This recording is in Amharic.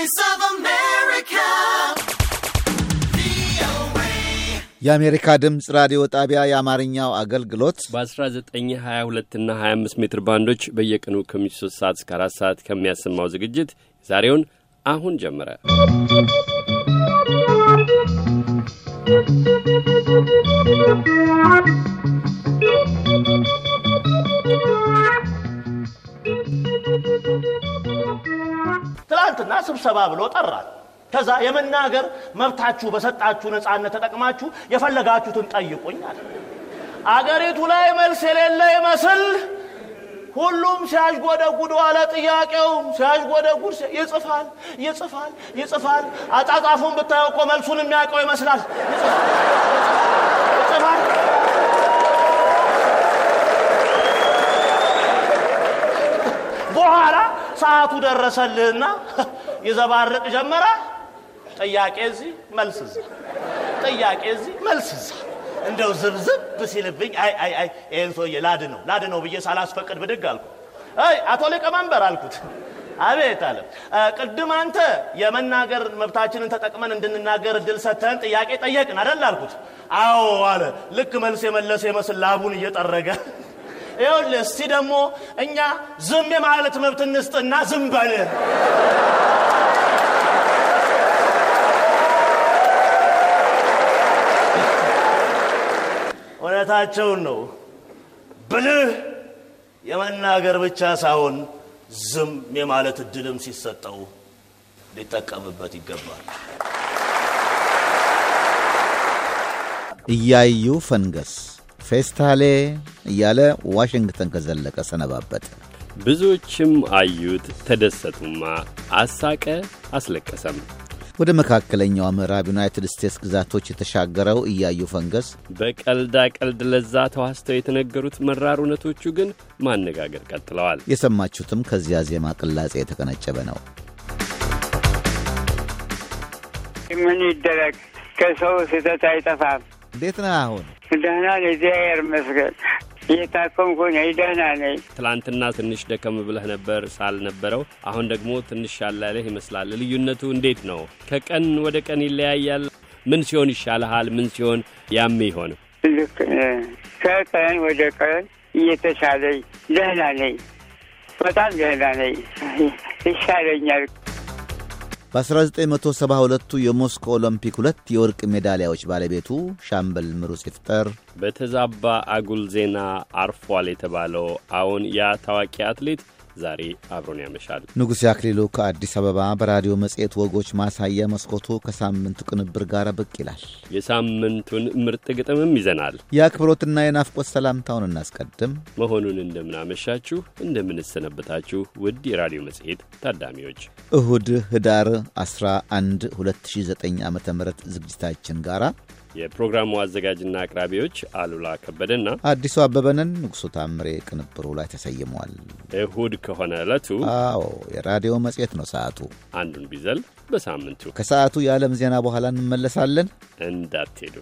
Voice የአሜሪካ ድምፅ ራዲዮ ጣቢያ የአማርኛው አገልግሎት በ1922 እና 25 ሜትር ባንዶች በየቀኑ ከምሽቱ 3 ሰዓት እስከ 4 ሰዓት ከሚያሰማው ዝግጅት ዛሬውን አሁን ጀመረ። ¶¶ ትላንትና ስብሰባ ብሎ ጠራል። ከዛ የመናገር መብታችሁ በሰጣችሁ ነፃነት ተጠቅማችሁ የፈለጋችሁትን ጠይቁኝ አለ። አገሪቱ ላይ መልስ የሌለ ይመስል ሁሉም ሲያዥጎደጉድ ዋለ። ጥያቄውም ሲያዥጎደጉድ ይጽፋል ይጽፋል ይጽፋል። አጻጻፉን ብታየው እኮ መልሱን የሚያውቀው ይመስላል። ሰዓቱ ደረሰልህና ይዘባርቅ ጀመረ። ጥያቄ እዚህ መልስ እዛ፣ ጥያቄ እዚህ መልስ እዛ። እንደው ዝብዝብ ሲልብኝ አይ አይ አይ ይህን ሰውዬ ላድ ነው ላድ ነው ብዬ ሳላስፈቅድ ብድግ አልኩ። አይ አቶ ሊቀመንበር አልኩት። አቤት አለ። ቅድም አንተ የመናገር መብታችንን ተጠቅመን እንድንናገር እድል ሰተን ጥያቄ ጠየቅን አደል አልኩት። አዎ አለ። ልክ መልስ የመለሰ ይመስል ላቡን እየጠረገ ይኸውልህ እስቲ ደግሞ እኛ ዝም የማለት መብት እንስጥና ዝም በል እውነታቸውን ነው ብልህ የመናገር ብቻ ሳይሆን ዝም የማለት እድልም ሲሰጠው ሊጠቀምበት ይገባል እያዩ ፈንገስ ፌስታሌ እያለ ዋሽንግተን ከዘለቀ ሰነባበት። ብዙዎችም አዩት፣ ተደሰቱማ፣ አሳቀ፣ አስለቀሰም። ወደ መካከለኛው ምዕራብ ዩናይትድ ስቴትስ ግዛቶች የተሻገረው እያዩ ፈንገስ በቀልዳ ቀልድ ለዛ ተዋስተው የተነገሩት መራር እውነቶቹ ግን ማነጋገር ቀጥለዋል። የሰማችሁትም ከዚያ ዜማ ቅላጼ የተቀነጨበ ነው። ምን ይደረግ ከሰው ስህተት አይጠፋም። እንዴት ነህ አሁን? ደህና ነኝ፣ እግዚአብሔር ይመስገን። እየታከምኩ ነኝ፣ ደህና ነኝ። ትላንትና ትንሽ ደከም ብለህ ነበር ሳልነበረው፣ አሁን ደግሞ ትንሽ ያላለህ ይመስላል። ልዩነቱ እንዴት ነው? ከቀን ወደ ቀን ይለያያል። ምን ሲሆን ይሻልሃል? ምን ሲሆን ያም ይሆን? ከቀን ወደ ቀን እየተሻለኝ ደህና ነኝ፣ በጣም ደህና ነኝ፣ ይሻለኛል። በ1972ቱ የሞስኮ ኦሎምፒክ ሁለት የወርቅ ሜዳሊያዎች ባለቤቱ ሻምበል ምሩጽ ይፍጠር በተዛባ አጉል ዜና አርፏል የተባለው አሁን ያ ታዋቂ አትሌት ዛሬ አብሮን ያመሻል። ንጉሥ አክሊሉ ከአዲስ አበባ በራዲዮ መጽሔት ወጎች ማሳያ መስኮቱ ከሳምንቱ ቅንብር ጋር ብቅ ይላል። የሳምንቱን ምርጥ ግጥምም ይዘናል። የአክብሮትና የናፍቆት ሰላምታውን እናስቀድም። መሆኑን እንደምናመሻችሁ፣ እንደምንሰነበታችሁ ውድ የራዲዮ መጽሔት ታዳሚዎች እሁድ ህዳር 11 2009 ዓ ም ዝግጅታችን ጋር የፕሮግራሙ አዘጋጅና አቅራቢዎች አሉላ ከበደና አዲሱ አበበንን ንጉሱ ታምሬ ቅንብሩ ላይ ተሰይመዋል። እሁድ ከሆነ ዕለቱ አዎ የራዲዮ መጽሔት ነው። ሰዓቱ አንዱን ቢዘል በሳምንቱ ከሰዓቱ የዓለም ዜና በኋላ እንመለሳለን። እንዳትሄዱ።